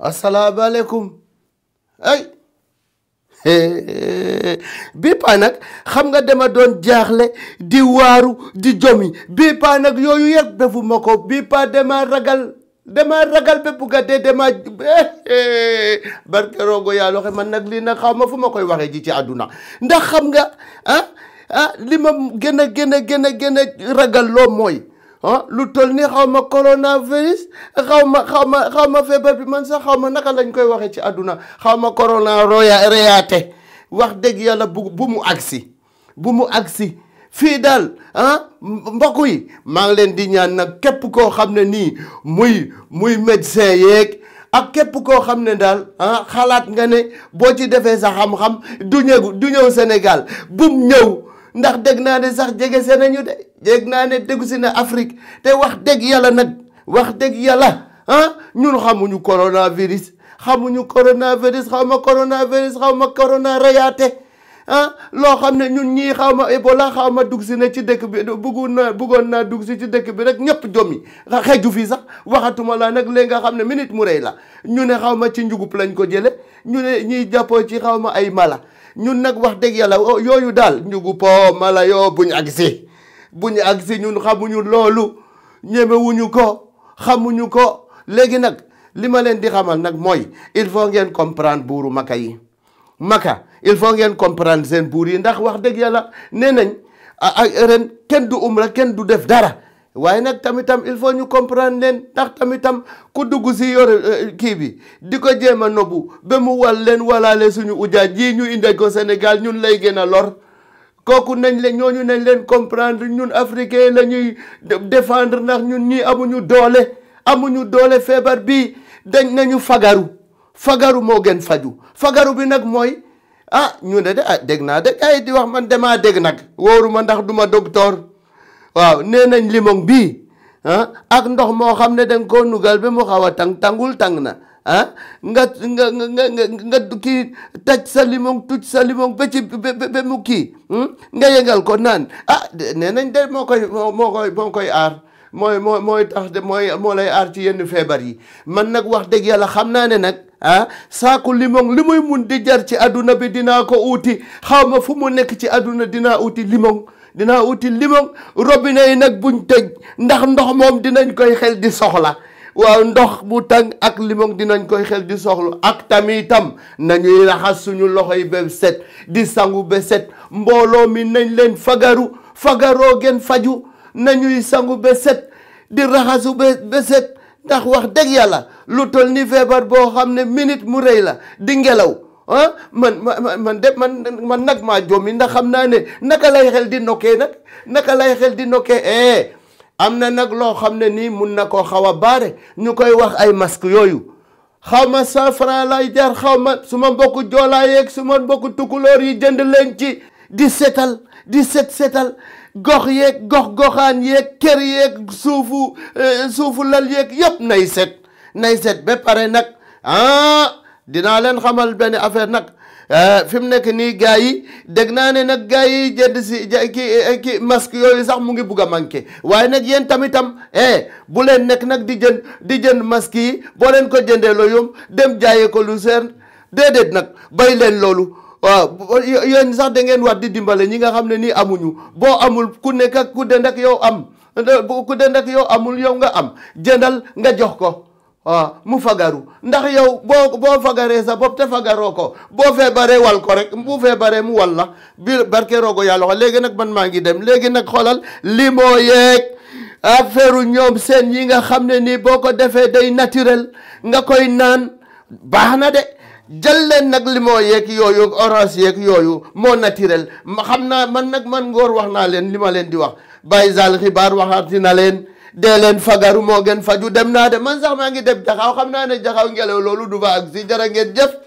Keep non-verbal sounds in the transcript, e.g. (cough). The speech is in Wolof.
asalaamaaleykum ay (laughs) bii paa nag xam nga dama doon jaaxle di waaru di jomi bii paa nag yooyu yëpp defuma ko bii dama ragal dama ragal ba bugga dee dama (laughs) barke roogo yàlla waxe man nag lii nag xaw ma fu ma koy waxee ji ci àdduna ndax xam nga ah ah li ma gën a gën a gën gën a ragal loo mooy ah lu toll ni xaw coronavirus xaw ma feebar bi man sax xaw ma naka lañ koy waxee ci àdduna xaw ma corona roya wax dëgg yàlla bu bu mu agsi bu mu agsi fii daal ah, mbokku yi maa ngi leen di ñaan nag képp koo xam ne nii muy muy médecin yeeg ak képp koo xam ne daal ah xalaat nga ne boo ci defee sa xam-xam du ñëw du ñëw Sénégal bum ñëw ndax dégg naa ne sax jege se nañu de dégg naa ne déggu si na Afrique te wax dëgg yàlla nag wax dëgg yàlla ah ñun xamuñu coronavirus xamuñu coronavirus xaw ma coronavirus xaw ma corona rayaate ah loo xam ne ñun ñii xaw ma Ebola xaw ma dugg si na ci dëkk bi bëggoon naa bëggoon naa dugg si ci dëkk bi rek ñëpp jom yi xeju fii sax waxatuma laa nag léegi nga xam ne mi minute mu rëy la ñu ne xawma ci njugub lañ ko jële ñu ne ñiy jàppoo ci xawma ay mala ñun nag wax dëgg yàlla yooyu daal njuguboo mala yoo buñ agsi buñ agsi ñun xamuñu loolu ñemewuñu ko xamuñu ko léegi nag li ma leen di xamal nag mooy il faut ngeen comprendre buuru Maka yi maka il faut ngeen comprendre seen buur yi ndax wax dëgg yàlla nee nañ ak ren kenn du umra kenn du def dara waaye nag tamitam il faut ñu comprendre leen ndax tamitam ku dugg si yor euh, kii bi di ko jéem a nobbu ba mu wal leen walaale suñu ujaaj yi ñu indi ko Sénégal ñun lay gën a lor kooku nañ leen ñooñu nañ leen comprendre ñun africain la ñuy défendre ndax ñun ñii amuñu doole amu ñu doole feebar bi dañ nañu fagaru fagaru moo gën faju fagaru bi nag mooy ah ñu ne de ah dégg naa de ay di wax man damaa dégg nag wóoruma ndax du ma docteur waaw nee nañ limon bii ah, ak ndox moo xam ne danga ko nugal ba mu xaw a tàng tàngul tàng na ah nga nga nga sa limon tuj sa limon ba ci ba mu kii hmm, nga yëngal ko naan ah nee nañ de moo koy moo koy moo koy aar mooy moo mooy ci yenn feebar yi man nag dëgg yàlla xam naa ne nag ah saako limon li muy mun di jar ci àdduna bi dina ko uuti xaw ma fu mu nekk ci àdduna dina uti limon dinaa uuti limon robinet yi nag buñ tëj ndax ndox moom dinañ koy xel di soxla waaw ndox bu tàng ak limon dinañ koy xel di soxla ak tamitam nañuy raxas suñu loxo yi ba set di sangu ba set mbooloo mi nañ leen fagaru fagaroo gën faju nañuy sangu ba set di raxasu ba set ndax wax dëgg yàlla lu toll ni feebar boo xam ne minute mu rëy la di ngelaw ah, man man de man man nag maa jommi ndax xam naa ne naka lay xel di nokkee nag naka lay xel di nokkee eh am na nag loo xam ne nii mun na koo xaw a baare ñu koy wax ay masque yooyu xaw ma cent franc lay jar xaw ma su ma mbokku joolaa yeeg su ma mbokku tukulóor yi jënd leen ci di seetal di set seetal gox yeeg gox goxaan yeeg kër yeeg suufu eh, suufu lal yeeg yëpp nay set nay set be pare nag ah dinaa leen xamal benn affaire nag eh, fi mu nekk nii gars yi dégg naa ne nag gars yi jënd si yooyu sax mu ngi bugg a manqué waaye nag yéen tamitam eh bu leen nekk nag di jënd di jënd masque yi boo leen ko jëndee loo dem jaayee ko lu seen déedéet nag bay leen loolu. waaw yéen sax dangeen ngeen war di dimbale ñi nga xam ne nii amuñu boo amul ku nekk ak ku dend ak yow am ku dend ak yow amul yow nga am jëndal nga jox ko waaw mu fagaru ndax yow boo boo fagaree sa bopp te fagaroo ko boo feebaree wal ko rek bu feebaree mu wal la bi barke roogo yàlla wax léegi nag man maa ngi dem léegi nag xoolal li moo yeeg affaire ñoom seen yi nga xam ne nii boo ko defee day naturel nga koy naan baax na de jël leen nag limon yeeg yooyu orange yeeg yooyu moo naturel ma xam naa man nag man ngóor wax naa leen li ma leen di wax bàyyi zal xibaar waxaati na leen dee leen fagaru moo gën faju dem naa dem man sax maa ngi dem jaxaaw xam naa ne jaxaaw ngelaw loolu du fa ak si jërë ngeen jëf